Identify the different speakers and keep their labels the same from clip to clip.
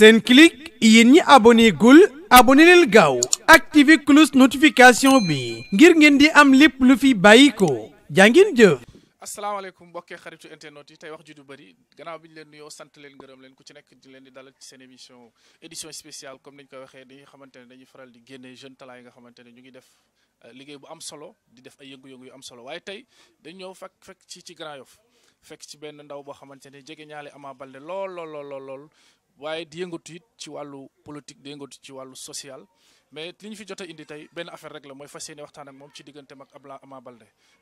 Speaker 1: Senclic yéen ñi abonné gul abonné leen gaaw activé cloche
Speaker 2: notification bi ngir ngeen di am lépp lu fi bàyyi ko jàngin jëf. asalaamaaleykum mbokkee xaritu internet yi tey wax ji du bëri gannaaw bi ñu leen nuyoo sant leen gërëm leen ku ci nekk di leen di dalal ci seen émission édition spéciale comme ni ñu koy waxee dañuy xamante ne dañuy faral di génne jeune talent yi nga xamante ne ñu ngi def. Euh, liggéey bu am solo di def ay yëngu-yëngu yu am solo waaye tey dañ ñëw fekk fekk ci ci Grand Yoff fekk ci benn ndaw boo xamante ne jege ñaale Ama Baldé lool lool lool lool waaye di yëngatu it ci wàllu politique di yëngatu ci wàllu social mais li ñu fi jot indi tey benn affaire rek la mooy fas yéene waxtaan ak moom ci digganteem ak Abla Ama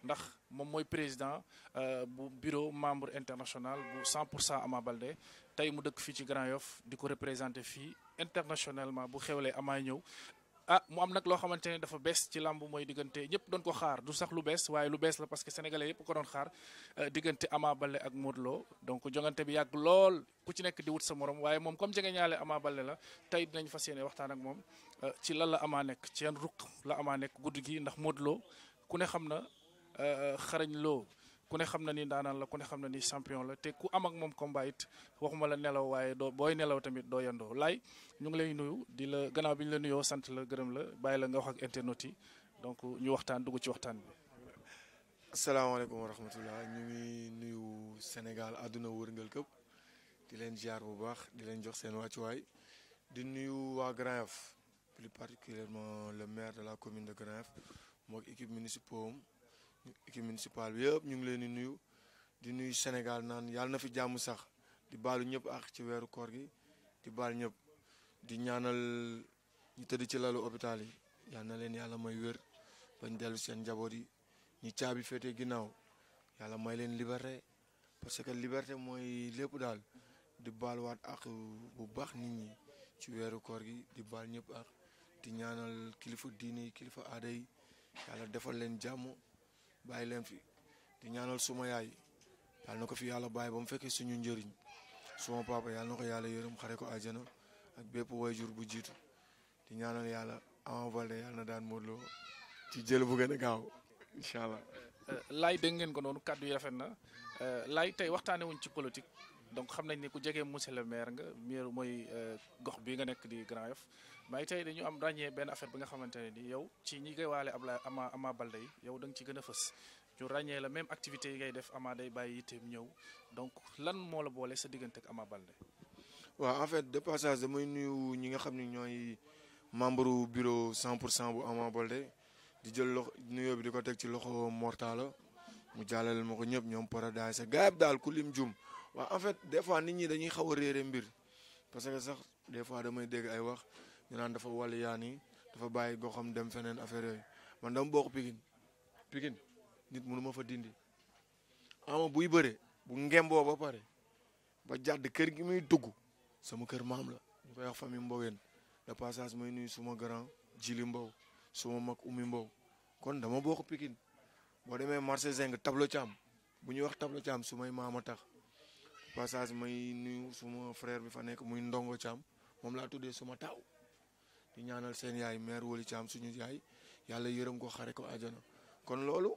Speaker 2: ndax moom mooy président euh, bu bureau membre international bu 100 pour cent amaa balde tey mu dëkk fii ci Grand yof di ko représenté fii internationalement bu xewlee amaa ñëw ah mu am nag loo xamante ne dafa bees ci làmb mooy diggante ñëpp doon ko xaar du sax lu bees waaye lu bees la parce que sénégalais yëpp ko doon xaar euh, diggante Ama bale ak Modou Lo donc jongante bi yàgg lool ku ci nekk di wut sa moroom waaye moom comme jege ñaale Ama Baldé la tey dinañ fa yéene waxtaan ak moom euh, ci lan la amaa nekk ci yan ruq la amaa nekk guddi gi ndax Modou Lo ku ne xam na euh, xarañ loo ku ne xam na ni daanaan la ku ne xam na ni champion la te ku am ak moom combat it waxuma la nelaw waaye doo booy nelaw tamit doo yandoo laay ñu ngi lay nuyu di la gannaaw bi ñu la nuyoo sant la gërëm la bàyyi la nga wax ak internet donc ñu waxtaan dugg ci waxtaan bi. asalaamaaleykum wa rahmatullah ñu
Speaker 1: ngi nuyu Sénégal àdduna wërngal këpp di leen ziar bu baax di leen jox seen wàccuwaay di nuyu waa Grand Yoff plus particulièrement le maire de la commune de Grand Yoff mook équipe municipale équipe municipale bi yëpp ñu ngi leen di nuyu di nuyu Sénégal naan yàlla na fi jàmm sax di baalu ñëpp ak ci weeru koor gi di baal ñëpp di ñaanal ñu tëdd ci lalu hôpital yi yal na leen yàlla may wér bañ dellu seen njaboot yi ñu caabi féete ginnaaw yàlla may leen liberté parce que liberté mooy lépp daal di baaluwaat ak bu baax nit ñi ci weeru koor gi di baal ñëpp ak di ñaanal kilifa diine yi kilifa aada yi yàlla defal leen jàmm. bàyyi leen fi di ñaanal suma yaay yàlla na ko fi yàlla bàyyi ba mu fekkee suñu njëriñ suma papa yàlla na ko yàlla yërëm xare ko àjjana ak bépp wayjur bu jiitu di ñaanool yàlla Ama Baldé yàlla na daan Modou ci jël bu gën a gaaw incha allah.
Speaker 2: Euh, euh, laay dégg ngeen ko noonu kàddu yi rafet na euh, laay tey waxtaanee wuñ ci politique donc xam nañ ne ku jege monsieur le maire nga maire mooy gox bi nga nekk di Grand Yoff mais tey dañu am ràññee benn affaire bi nga xamante ne ni yow ci ñi koy waale Ablaye Ama Ama Baldé yow da nga ci gën a fës ñu ràññee la même activité yi ngay def Ama day bàyyi yitteem ñëw donc lan moo la boole sa diggante ak Ama Baldé.
Speaker 1: fait de passage damay nuyu ñi nga xam ne ñooy membre bureau 100 pour bu Ama Baldé di jël loxo nuyoo bi di ko teg ci loxo Mortala mu jàllale ma ko ñëpp ñoom Paradaay sa gaay daal ku lim jum waa en fait des fois nit ñi dañuy xaw a réere mbir parce que sax des fois damay dégg ay wax. ñu naan dafa wal yaan yi dafa bàyyi goxam dem feneen affaire yooyu man dama bokk Pikine Pikine nit mënu ma fa dindi ama buy bëree bu ngemboo ba pare ba jàdd kër gi muy dugg sama kër maam la ñu fa wax famille Mboween de passage may nuyu suma grand Jili Mbow suma mag Oumy Mbow kon dama bokk Pikine boo demee marché Zeng tableau Thiam bu ñuy wax tableau Thiam su may maama tax passage may nuyu suma frère bi fa nekk muy Ndongo Thiam moom laa tuddee suma taaw di ñaanal seen yaay maire Woli Thiam suñu yaay yàlla yërëm ko xare ko àjjana kon loolu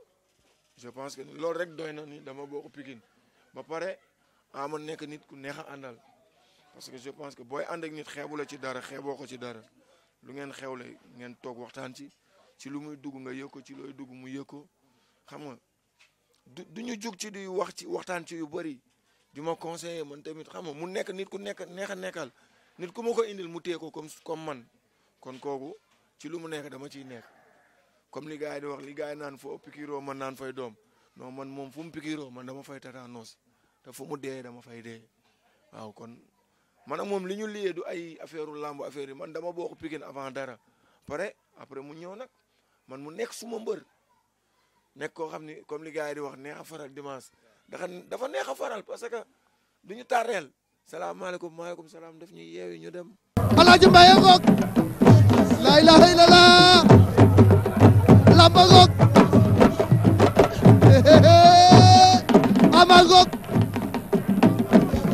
Speaker 1: je pense que loolu rek doy na ni dama bokk Pikine ba pare ama ah, nekk nit ku neex a àndal parce que je pense que booy ànd nit xeebu la ci dara xeeboo ko ci dara lu ngeen xewle ngeen toog waxtaan ci ci lu muy dugg nga yëg ko ci looy dugg xam nga du du jug ci di wax ci waxtaan ci yu bëri di ma conseiller man tamit xam nga mu nekk nit ku nekk neex a nekkal nit ku ma ko indil mu téye ko comme comme man. kon kooku ci lu mu nekk dama ciy nekk comme li gars yi di wax li gars yi naan foo pikiroo man naan fay doom non man moom fu mu pikiroo man dama fay tétanos te fu mu dee dama fay dee waaw kon man moom li ñu liyee du ay affaire làmb affaire yi man dama bokk Pikine avant dara pare après mu ñëw nag man mu nekk suma mbër nekk koo xam ni comme li gars yi di wax neex a faral dimanche dafa dafa neex a faral parce que li ñu tàrreel salaamaaleykum maaleykum salaam daf ñu yeewi ñu dem.
Speaker 2: la ilaha illallah
Speaker 1: lamba ngoog ama ngoog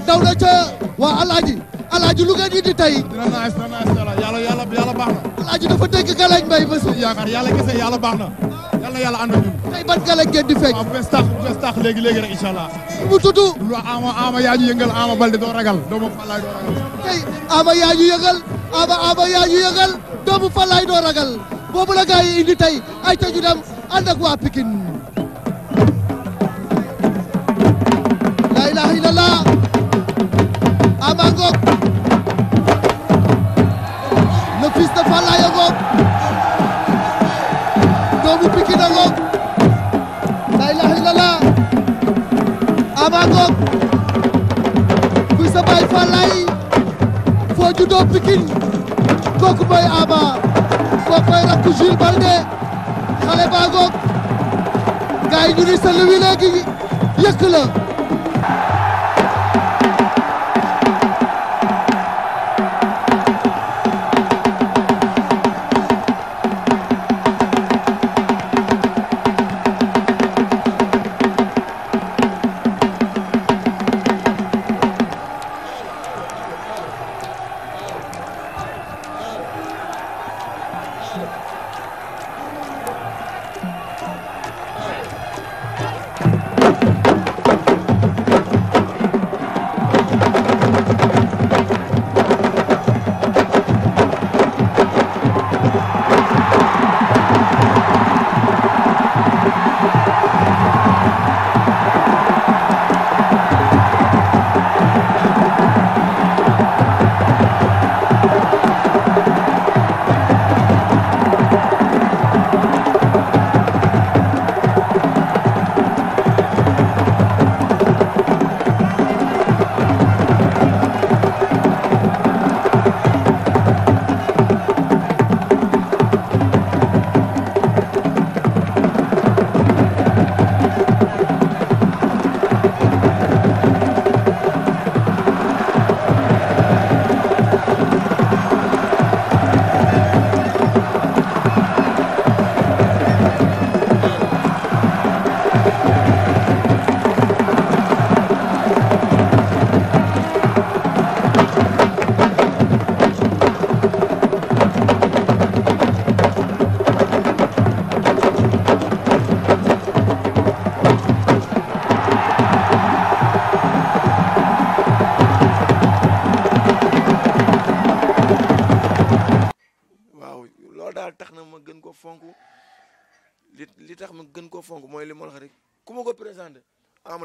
Speaker 1: daw na ca waa alaaji alaaji lu ngeen indi tey dina naas dina naas yàlla yàlla yàlla baax na alaaji dafa dégg galañ mbay ba si yaakaar yàlla kese yàlla tey ban galañ ngeen fekk waaw bu bees tax bu bees tax léegi léegi rek incha allah mu ama ama yaa ama balde doo ragal tey ama yaa ñu ama ama yaa ñu doomu Fallaye doo ragal boobu la gars yi indi tey ay ta ñu dem ànd ak waa Pikine la ilaha illallah Ama ngoog le fils de Fallaye a ngoog doomu Pikine a ngoog la ilaha illallah Ama ngoog kuy sa baay Fallaye foo juddoo Pikine kooku mooy Ama kooku mooy rakku Jules Baldé
Speaker 2: xale baa ñu ni sël wi yëkk la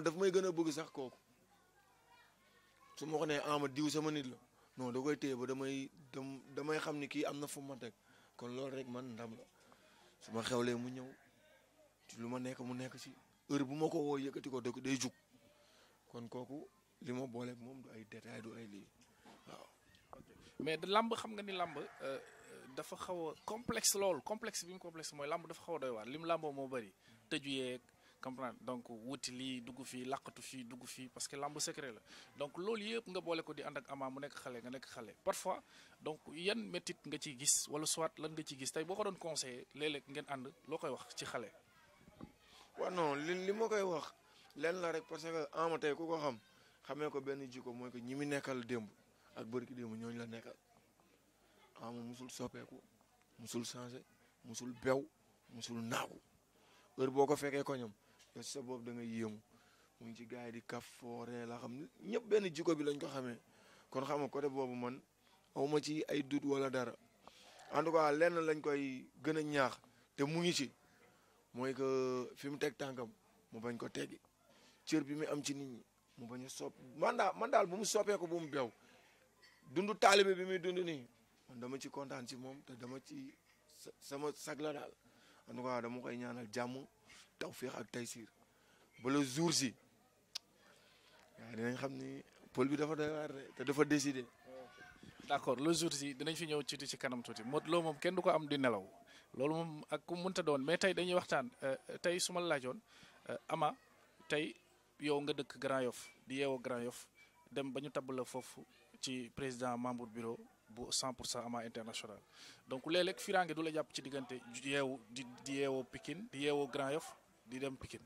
Speaker 1: Ama daf may gën a bëgg sax kooku su ma ko nee Ama ah, diw sama nit la non da koy téye ba damay damay xam ni kii am na fu ma teg kon loolu rek man ndam la su ma xewlee mu ñëw lu ma nekk mu nekk ci heure bu ma ko woo yëkkati ko dëkk day jug kon kooku li ma booleeg moom du ay détail du ay lii waaw.
Speaker 2: mais lamb xam nga ni lamb euh, dafa xaw a complexe lool complexe bi mu complexe mooy lamb dafa xaw a doy waar lim lamboo moo bëri tëju yeeg comprendre donc wuti lii dugg fi làqatu fii dugg fii parce que làmb secret la donc loolu yëpp nga boole ko di ànd ak ama mu nekk xale nga nekk xale parfois donc yan métit nga ci gis wala soit lan nga ciy gis tey boo ko doon conseillé léeg-léeg ngeen ànd loo koy wax ci xale. waaw non li li ma koy wax lenn la rek parce
Speaker 1: que ama tey ku ko xam xamee ko benn jikko mooy que ñi mu nekkal démb ak bëri ki démb ñooñu la nekkal ama musul soppeeku musul changé musul bew musul naagu heure boo ko fekkee ko ñoom yow si sa boobu da nga yéemu mu ngi ci gars yi di kaf fooree la xam ñëpp benn jikko bi lañ ko xamee kon xam nga boobu man awma ci ay dut wala dara en tout cas lenn lañ koy gën a ñaax te mu ngi ci mooy que fi mu teg tànkam mu bañ ko teggi cër bi mu am ci ni ñi mu bañ a sopp man daal man daal bu mu soppee ko bu mu bew dund taalibe bi muy dund ni man dama ci kontaan ci moom te dama ci sama sag la daal en tout cas dama koy ñaanal jàmm tawféex ak taysiir ba le jour si
Speaker 2: waaw xam ni pël bi dafa doy waar de te dafa décidé. d' accord le jour si dinañ fi ñëw ci ci kanam tuuti Modou Lo moom kenn du ko am di nelaw loolu moom ak ku mënta doon mais tey dañuy waxtaan euh, euh, tey suma ma laajoon euh, Ama tey yow nga dëkk Grand yof di yeewoo Grand Yoff dem ba ñu tabb foofu ci président membre bureau bu 100 pour cent Ama international donc léeg-léeg du la jàpp ci diggante di di yeewoo Pikine di di dem Pikine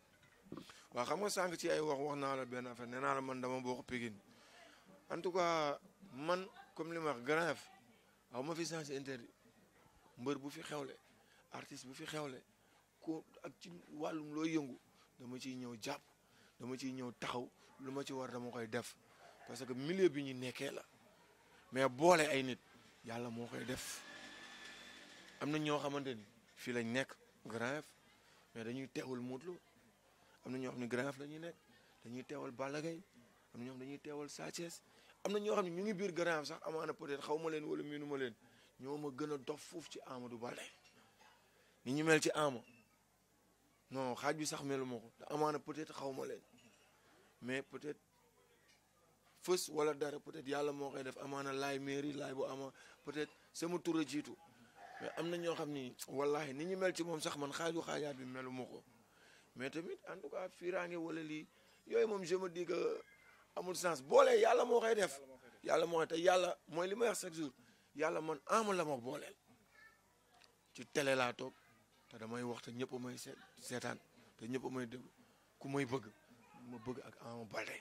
Speaker 2: waaw xam nga sànq ci ay wax wax
Speaker 1: naa la benn affaire nee naa la man dama bokk Pikine en tout cas man comme li ma wax ma fi sens interdit mbër bu fi xewle artiste bu fi xewle ko ci wàllum loo yëngu dama ciy ñëw jàpp dama ciy ñëw taxaw lu ma ci war dama koy def parce que milieu bi ñu nekkee la mais boole ay nit yàlla moo koy def am na ñoo xamante ni fii lañ nekk grave mais dañuy teewal Modou Lo am na ñoo xam ne Grand Yoff la nekk dañuy teewal Balla Gaye am na ñoo xam dañuy teewal Sa am na ñoo xam ne ñu ngi biir Grand Yoff sax amaana na être xaw ma leen wala miinu ma leen ñoo ma gën a dof foofu ci Amadou Baldé ni ñu mel ci Ama non xaaj sax melu ma ko te peut-être xaw ma leen mais peut-être fës wala dara peut-être yàlla moo koy def amaana laay mairie laay bu am peut-être sama tur a jiitu mais am na ñoo xam ni wallaahi ni ñu mel ci moom sax man xaaju xaajaat bi mel ma ko mais tamit en tout cas fiiraange wala lii yooyu moom je me dis amul sens boole yàlla moo koy def yàlla moo koy yàlla mooy li may wax chaque jour yàlla man ama la ma booleel ci télé laa toog te wax te ñëpp may seet seetaan te ñëpp may déglu ku may bëgg ma bëgg ak Ama Baldé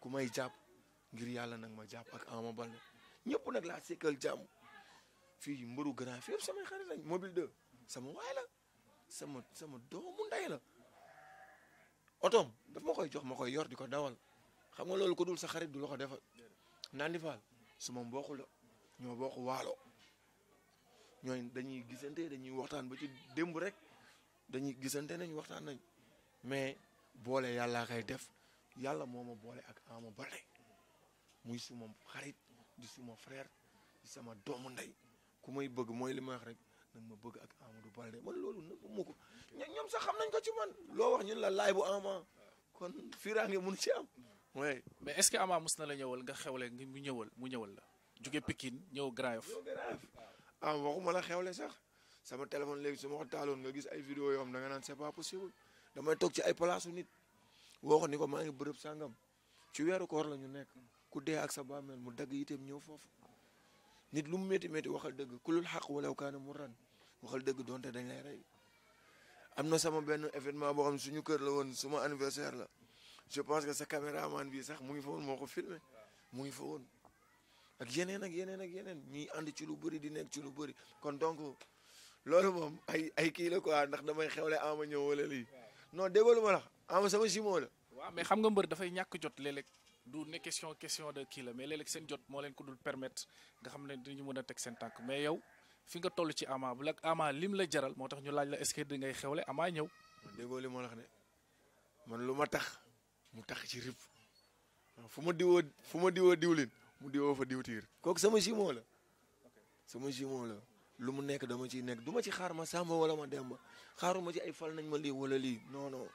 Speaker 1: ku may jàpp ngir yàlla nag ma jàpp ak Ama Baldé ñëpp nag la sekkal jàmm fii mbaru grand fi yëpp samay xarit lañ mobile 2 sama waay la sama sama doomu ndey la otoom daf ma koy jox ma koy yor di ko dawal xam nga loolu ko dul sa xarit du ko defal naan faal suma mbokk la ñoo bokk waalo ñooñu dañuy gisante dañuy waxtaan ba ci démb rek dañuy gisante nañ waxtaan nañ mais boole yàllaa kay def yàlla moo ma boole ak Ama Baldé muy suma xarit di suma frère sama doomu ndey ku may bëgg mooy li rek nag ma bëgg ak Amadou Balde man loolu nëbbu ma ko ñoom sax xam nañ ko ci man loo wax ñun la laay bu
Speaker 2: Ama kon fiiraange mun ci am oui. mais est-ce que Ama mos na la ñëwal nga xewle nga mu ñëwal mu ñëwal la jóge Pikine ñëw Grand Yoff ah waxuma la xewle sax sama téléphone léegi su ma ko taaloon
Speaker 1: nga gis ay vidéo yoo xam da nga naan c'est pas possible damay toog ci ay place nit woo ko ni ko maa ngi bërëb sàngam ci weeru koor la ñu nekk ku dee ak sa bàmmeel mu dagg itam ñëw foofu nit lu mu métti métti waxal dëgg kulul xaq walaw kaana murran waxal dëgg donte da lay rey am na sama benn événement boo xam ne suñu kër la woon suma anniversaire la je pense que sa caméraman bi sax mu ngi fa woon moo ko filmé mu ngi fa woon ak yeneen ak yeneen ak yeneen ñuy ànd ci lu bëri dina ci lu bëri kon donc loolu moom ay ay kii la quoi ndax damay xewle ma ñëw wala lii non déglu ma la ama sama jumeau la.
Speaker 2: waaw mais xam nga mbër dafay ñàkk jot léeg-léeg du ne question question de kii la mais léeg seen jot moo leen ko dul permettre nga xam ne dinañu mën a teg seen tànk mais yow fi nga toll ci Ama bu la Ama lim la jaral moo tax ñu laaj la est-ce que di ngay xewle Ama ñëw. déggoo li ne man lu ma tax mu tax
Speaker 1: ci rib fu ma diwoo fu ma diwoo diwlin mu diwoo fa diwtiir kooku sama jumeau la sama jumeau lu mu nekk dama ciy nekk duma ci xaar ma Samba wala ma Demba
Speaker 2: xaaruma ci ay fal nañ ma lii wala lii noonoo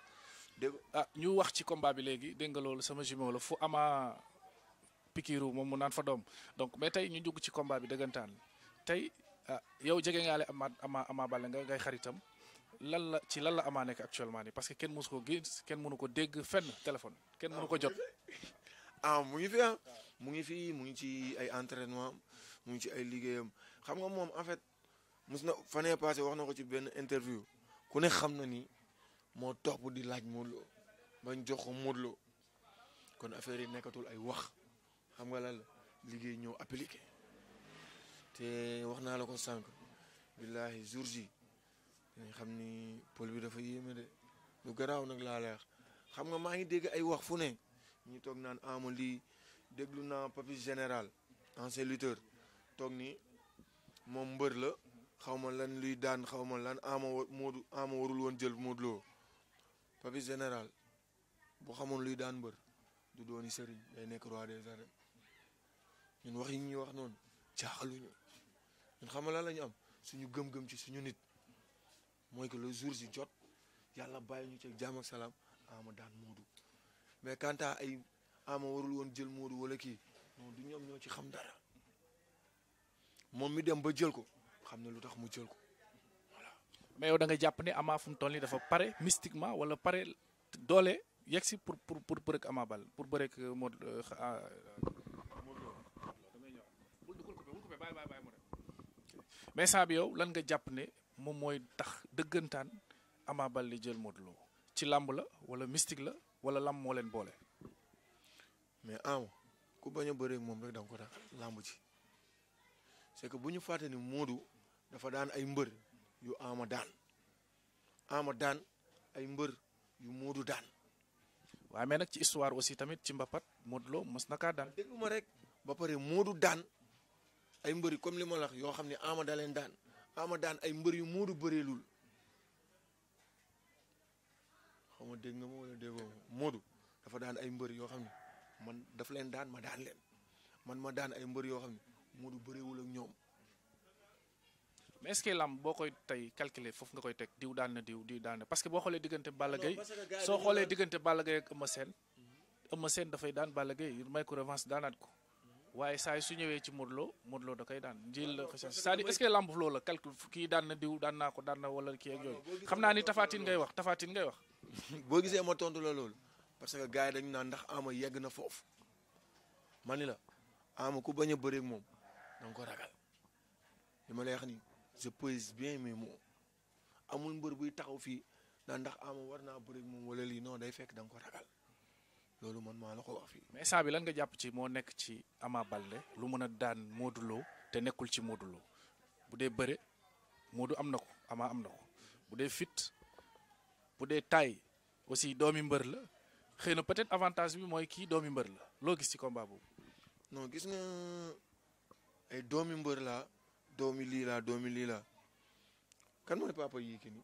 Speaker 2: dégg ah ñu wax ci combat bi léegi dégg nga loolu sama jumeau la fu ama pikiru moom mu naan fa doom donc mais tey ñu dugg ci combat bi dëggantaan tey ah yow jege ngaale ama ama ama Baldé nga ngay xaritam lan la ci lan la amaa nekk actuellement nii parce que kenn musu ko gis kenn mënu ko dégg fenn téléphone kenn mënu ko jot. ah mu ngi fi ah mu ngi fi mu ngi ci ay entraînement
Speaker 1: mu ngi ci ay liggéeyam xam nga moom en fait mos na fanee passé wax na ko ci benn interview ku ne xam na ni moo topp di laaj Modou Lo bañ jox ko Modou Lo kon affaire yi nekkatul ay wax xam nga lan la liggéey ñëw appliqué te wax naa la ko sànq billahi jours ji dañ xam ni pol bi dafa yéeme de lu garaaw nag laa leex xam nga maa ngi dégg ay wax fu ne ñu toog naan ama lii déglu naa papi général ancien lutteur toog nii moom mbër la xaw ma lan luy daan xaw ma lan ama Modou ama warul woon jël Modou Lo Papis général bu xamoon luy daan mbër du dooni sëriñ day nekk roi des arènes ñun wax yi ñuy wax noonu jaaxaluñu ñun xamala la ñu am suñu gëm-gëm ci suñu nit mooy que le jour si jot yàlla bàyyi ñu ci jàmm ak salaam ama daan moodu mais kanta ay ama warul woon jël moodu wala kii non du ñoom ñoo ci xam dara
Speaker 2: moom mi dem ba jël ko xam ne lu tax mu jël ko mais yow da jàpp ne Ama fu mu toll dafa pare mystiquement wala pare doole yegg si pour pour pour bërëg Ama Bal pour bërëg euh, Modou Lo. Euh, ah, lan nga jàpp ne moom mooy tax dëggantaan Ama Bal jël Modou ci làmb la wala mystique la wala làmb moo leen boole. mais Ama ku bañ a bëree moom rek da ko tax làmb ci
Speaker 1: c'est que bu ñu fàtte ni Modou dafa daan ay mbër. yu ama daan
Speaker 2: ama daan ay mbër yu muudu daan waaw mais nag ci histoire aussi tamit ci mbapat Modou Lo mos na kaa daan ma rek ba pare moodu daan
Speaker 1: ay mbëri comme li yoo xam ne ama da daan ama daan ay mbër yu moodu bëreelul xaw ma dégg nga ma wala déggoo moodu dafa daan ay mbër yoo xam ne man daf leen daan ma daan leen man ma daan ay mbër yoo xam ne moodu
Speaker 2: bëreewul ak ñoom mais est-ce boo koy tey calculer foofu nga koy teg diw daan na diw diw daan parce que boo xoolee diggante Balla Gaye soo xoolee diggante Balla Gaye ak Eumeu Sène Eumeu Sène dafay daan Balla Gaye may ko revanche daanaat ko waaye saa yi su ñëwee ci Modou Lo da koy daan jël la c'est-à-dire est-ce que làmb loolu la calcul kii daan na diw daan naa ko daan na wala kii ak yooyu xam naa ni tafaatin ngay wax
Speaker 1: boo gisee ma tontu la loolu parce que gars yi dañu naan ndax ama yegg na foofu ma ni la ama ku bañ a bëreeg moom danga ko ragal ma lay je pèse bien mes mots amul mbër buy taxaw fii naan ndax ama ah, war naa bëri moom wala lii non day fekk da nga ko ragal loolu
Speaker 2: man maa la ko wax fii. mais instant bi lan nga jàpp ci moo nekk ci Ama Baldé lu mën a daan Modou te nekkul ci Modou bu dee bëre Modou am na ko Ama am na ko bu dee fit bu dee taay aussi doomi mbër la xëy na peut-être avantage bi mooy kii doomi mbër la loo gis ci combat boobu. non gis nga ay
Speaker 1: doomi mbër laa doomi lii laa doomi lii laa kan mooy papa Yékini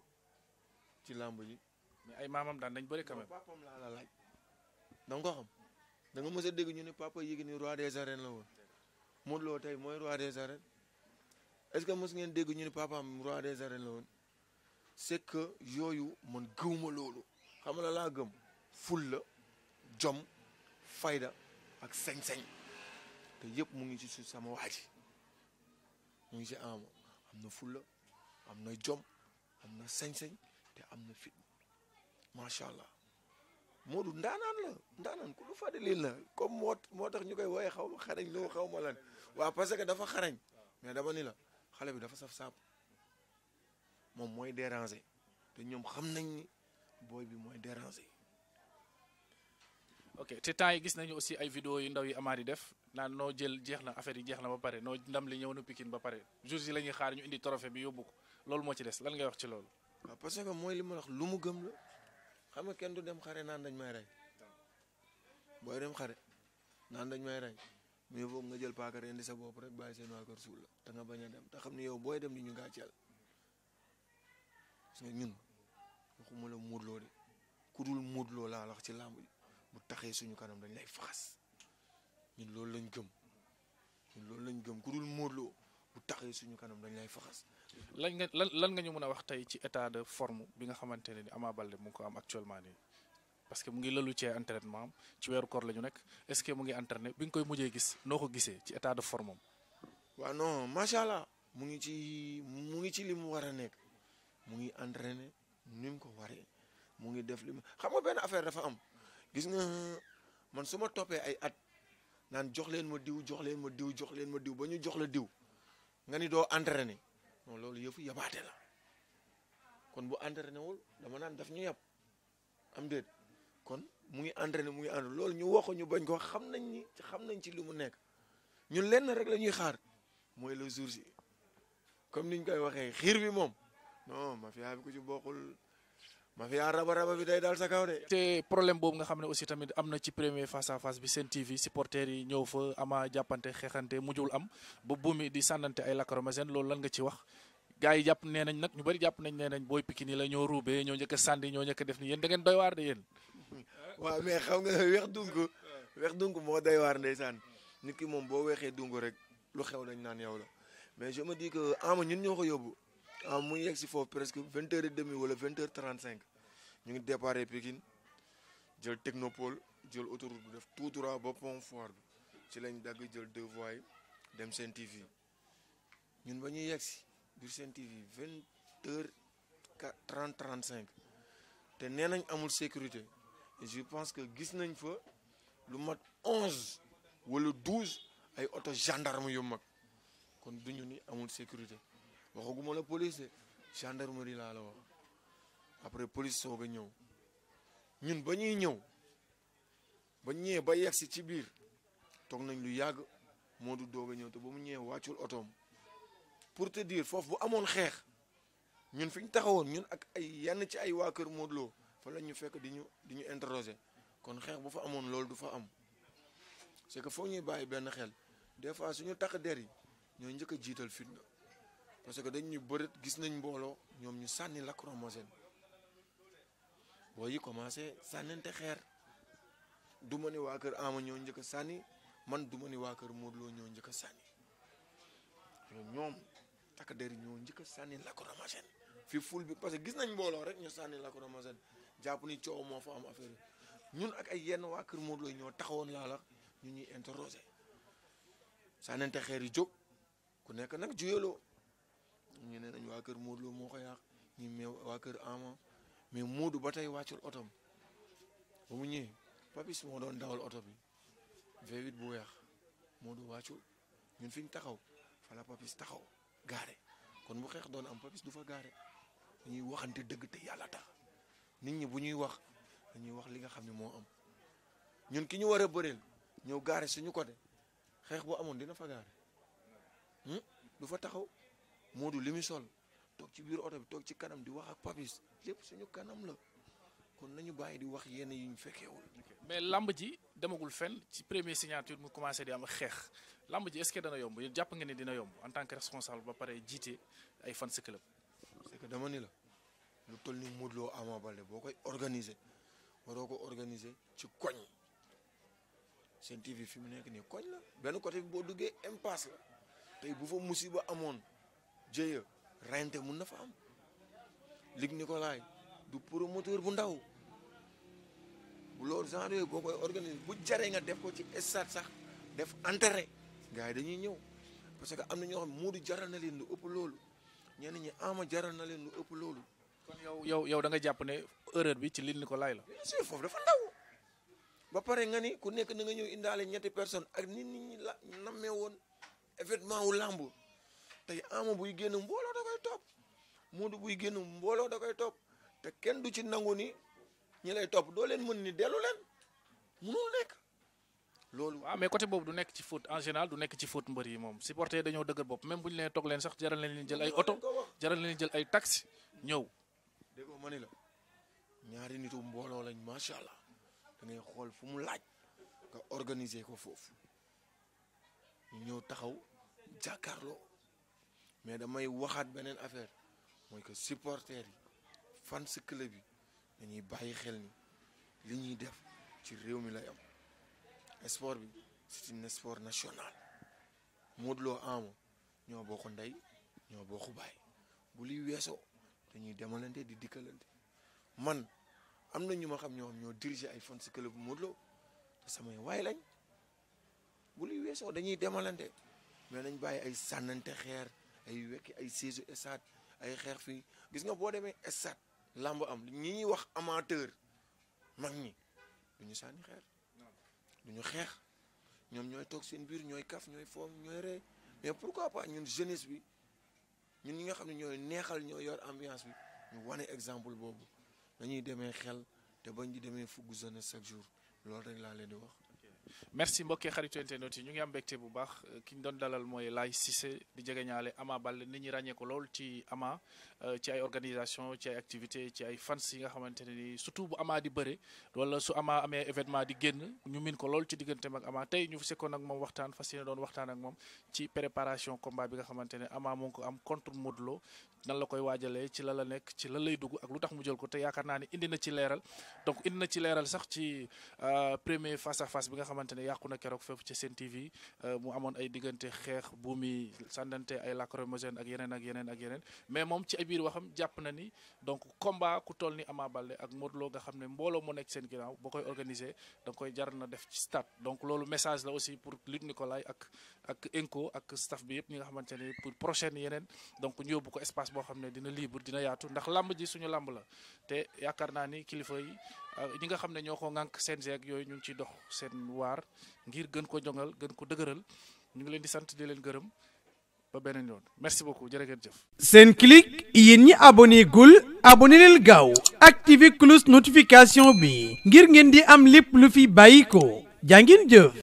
Speaker 1: ci làmb ji. mais ay maamam daan dañ bëri quand laa la laaj. da nga ko xam da dégg ñu ne papa Yékini roi des arènes la woon Modou Lo tey mooy roi des arènes est-ce que mës ngeen dégg ñu ne papaam roi des arènes la woon c'est que yooyu man gëwuma loolu. xam nga laa gëm ful la jom fayda ak sañ-sañ te yëpp mu ngi ci su sama waa ji mu ngi si Ama ah, am na fulla am na jom am na sañ-sañ te am na fit macha allah Modou ndaanaan la ndaanaan ku lu fàttalil la comme moo moo tax ñu koy wooyee xaw ma xarañ loo xaw ma lan waaw parce que dafa xarañ mais dama ni la xale bi dafa saf saab moom mooy déranger
Speaker 2: te ñoom xam nañ ni booy bi mooy déranger. ok te temps yi gis nañu aussi ay vidéo yu ndaw yi amaat yi def naan noo jël jeex na affaire yi jeex na ba pare noo ndam li ñëw na ba pare jours yi la ñuy xaar ñu indi trophée bi yóbbu loolu moo ci des lan ngay wax ci loolu. waaw parce
Speaker 1: que mooy li ma lu mu gëm la
Speaker 2: xam nga kenn du dem xare naan dañ may
Speaker 1: rey booy dem xare naan dañ may rey mais boobu nga jël paaka rendi sa bopp rek bàyyi seen waa kër suul la te nga a dem te xam ne yow booy dem di ñu gàcceel parce que ñun waxuma la loo de ku dul muudloo laa wax ci làmb bu taxee suñu kanam dañ lay faxas ñun loolu lañ gëm loolu lañ gëm ku dul Modou
Speaker 2: Lo bu taxee suñu kanam dañ lay faxas. lan nga lan lan nga ñu mun a wax tey ci état de forme bi nga xamante ne ni amaa Baldé mu ngi ko am actuellement nii parce que mu ngi lalu ci entraînement ci weeru la ñu nekk est-ce que mu ngi entraîné bi nga koy mujjee gis noo ko gisee ci état de forme waa
Speaker 1: non macha allah mu ngi ci mu ngi ci li mu war a nekk mu ngi entraîné ni mu ko waree mu ngi def li mu xam nga benn affaire dafa am. gis nga man su ma toppee ay at naan jox leen ma diw jox leen ma diw jox leen ma diw ba ñu jox la diw nga ni doo ni non loolu yëfu yabaate la kon bu entraîné wul dama naan daf ñu yab am déet kon mu ngi entraîné mu ngi entraîné lool ñu waxu ñu bañ ko xam nañ ni xam nañ ci li mu nekk ñun lenn rek la ñuy xaar mooy le jour si comme niñ koy waxee xiir bi moom non mafia bi ku ci bokkul.
Speaker 2: mafia raba raba bi daal sa kaw de. te problème boobu nga xam ne aussi tamit am na ci premier face à face bi seen TV supporters yi ñëw fa ama jàppante xeexante mujjul am ba buumi di sànnante ay lacrymogène lool lan nga ci wax. gars yi jàpp nee nañ nag ñu bëri jàpp nañ nee nañ booy Pikine la ñoo ruubee ñoo njëkk a sànni ñoo njëkk a def ni yéen da ngeen doy waar de yéen.
Speaker 1: waaw mais xam nga weex dung weex dung moo doy waar ndeysaan nit ki moom boo weexee dung rek lu xew lañ naan yow la mais je me dis que ama ñun ñoo ko ah mu yegg si foofu presque vingt heures et demi wala vingt heures trent cinq ñu ngi déparé Pikine jël technopole jël autoroute bi def tout droit ba pont foire bi ci lañ dagg jël deux voies dem Sen TV ñun ba ñu yegg si biir Sen TV vingt heures trente cinq te nee nañ amul sécurité je pense que gis nañ fa lu mat onze wala douze ay oto gendarme yu mag kon duñu ni amul sécurité waxaguma la police gendarmerie laa la wax après police soo a ñëw ñun ba ñuy ñëw ba ñëwee ba yegsi ci biir toog nañ lu yàgg moo du doog a ñëw te ba mu ñëwee wàccul otoom pour te diir foofu bu amoon xeex ñun fi ñu taxawoon ñun ak ay yenn ci ay waa kër Modou Lo fa la ñu fekk di ñu di ñu kon xeex bu fa amoon loolu du fa am c'est que foo ñuy bàyyi benn xel des fois suñu takk der yi ñooy njëkk jiital fitna parce que dañu ñu bërët gis nañ mbooloo ñoom ñu sànni lacrymogène boo yi commencé sànnante xeer duma ma ni waa kër Ama ñoo njëkk sànni man du ma ni waa kër Modou loo ñoo njëkk a sànni ñoom takk der ñoo njëkk a sànni lacrymogène fi ful bi parce que gis nañ mbooloo rek ñu sànni lacrymogène jàpp ni coow moo fa am affaire ñun ak ay yenn waa kër Modou Lo ñoo taxawoon laa la ñu ñuy interroger sànnante xeer yi jóg ku nekk nag juyeloo ñu ne añ waa kër Modou Lo moo ko yàq ñu ne waa kër Ama mais Modou ba tey wàccul otom ba mu ñëwee Papis moo doon dawal oto bi V8 bu weex Modou wàccul ñun fi ñu taxaw fala la Papis taxaw gaare kon bu xeex doon am Papis du fa gaare dañuy waxante dëgg te yàlla tax nit ñi bu ñuy wax dañuy wax li nga xam ne moo am ñun ki ñu war a ñëw gaare suñu côté xeex bu amoon dina fa gaare hmm? du fa taxaw. Modou li mu sol toog ci biir oto bi toog ci kanam di wax ak Papis lépp
Speaker 2: suñu kanam la kon nañu bàyyi di wax yenn yi ñu fekkeewul mais lamb ji demagul fenn ci premier signature mu commencé di am xeex lamb ji est-ce que dana yomb jàpp nga ni dina yomb en tant que responsable ba pare jiite ay fans club. parce que dama ni la lu
Speaker 1: toll ni Modou Lo Ama boo koy organiser waroo ko organiser ci koñ. TV fi mu nekk nii koñ la benn côté bi boo duggee impasse la tey bu fa musiba amoon jëye rente mun na fa am Luc Nicolaï du promoteur bu ndaw bu loolu genre yooyu boo koy organiser bu jaree nga def ko ci stade sax def enterré gars yi dañuy ñëw parce que am na ñoo xam ne Modou jaral na leen lu ëpp loolu ñenn ñi Ama jaral na leen lu ëpp loolu. kon yow yow
Speaker 2: yow da nga jàpp ne erreur bi ci Luc Nicolaï la. bien
Speaker 1: sûr foofu dafa ndaw ba pare nga ni ku nekk na nga ñëw indaale ñetti personne ak nit ñi la nammee woon événement wu làmb. tey ama buy génn mbooloo da koy topp Modou buy génn mbooloo da koy topp te kenn du ci nangu ni ñi lay topp doo leen mën ni dellu leen munul nekk
Speaker 2: loolu. waaw ah, mais côté boobu du nekk ci fóot en général du nekk ci foot mbër yi moom supporter dañoo dëgër bopp même bu ñu leen toog leen sax jaral leen jël ay oto jaral leen jël ay taxi ñëw. dégg
Speaker 1: nga ma la ñaari nitu mbooloo lañ macha allah da xool fu mu laaj nga organiser ko foofu ñëw taxaw jàkkaarloo. mais damay waxaat beneen affaire mooy que supporters yi fans club yi dañuy bàyyi xel ni li ñuy def ci réew mi lay am sport bi c'est un sport national Modou Lo Ama ñoo bokk ndey ñoo bokk baay bu liy weesoo dañuy demalante di dikkalante man am na ñu ma xam ñoo xam ñoo diriger ay fans club Modou Lo te samay waay lañ bu liy weesoo dañuy demalante mais nañ bàyyi ay sànnante xeer ay wekki ay siège stade ay xeex fii gis nga boo demee stade làmb am ñi ñuy wax amateur mag ñi du ñu sànni xeer du ñu xeex ñoom ñooy toog seen biir ñooy kaf ñooy foom ñooy rey mais pourquoi pas ñun jeunesse bi ñun ñi nga xam ne ñooy neexal ñoo yor ambiance bi ñu wane exemple boobu nañuy demee xel te bañ di demee fugg jeunesse chaque jour loolu rek laa leen di wax
Speaker 2: merci mbokk yi xaritu internet yi ñu ngi am mbégte bu baax euh, ki doon dalal mooy Laye Cissé di jege ñaale Ama Baldé nit ñi lool ci Ama euh, ci ay organisation ci ay activité ci ay yi nga xamante ne ni surtout bu Ama di bëre wala su Ama amee événement di génn ñu min ko lool ci digganteem ak Ama tey ñu fi sekkoon ak moom waxtaan fas yéene doon waxtaan ak moom ci préparation combat bi nga xamante ne Ama mu ko am contre Modou Lo la koy waajalee la la ci la lay dugg lu tax mu jël ko te yaakaar naa na ci leeral na ci leeral sax ci euh, premier face xamante ne yàqu na keroog fépp ci Sen TV euh, mu amoon ay diggante xeex buumi sàndante ay lacrymogène ak yeneen ak yeneen mais moom ci ay waxam jàpp ni donc combat ku toll ni Ama Baldé ak Modou Lo xam ne mbooloo mu nekk seen ginnaaw boo koy organiser da nga koy jar def ci donc loolu message la aussi pour Luc Nicolaï ak ak Enco ak staff bi yëpp ñi nga xamante ne pour prochaine yeneen donc ñu ko espace boo xam ne dina libre dina yaatu ndax làmb ji suñu làmb la te yaakaar Euh, ñi nga xam ne ñoo ko ŋànk CNG ak yooyu ñu ngi ciy dox seen waar ngir gën ko jongal gën ko dëgëral ñu ngi leen di sant di leen gërëm ba beneen yoon merci beaucoup jërë ngeen jëf.
Speaker 1: seen clic yéen ñi abonné gul abonné leen gaaw activé cloche notification bi ngir ngeen di am lépp lu fi bàyyi ko jaa ngeen jëf.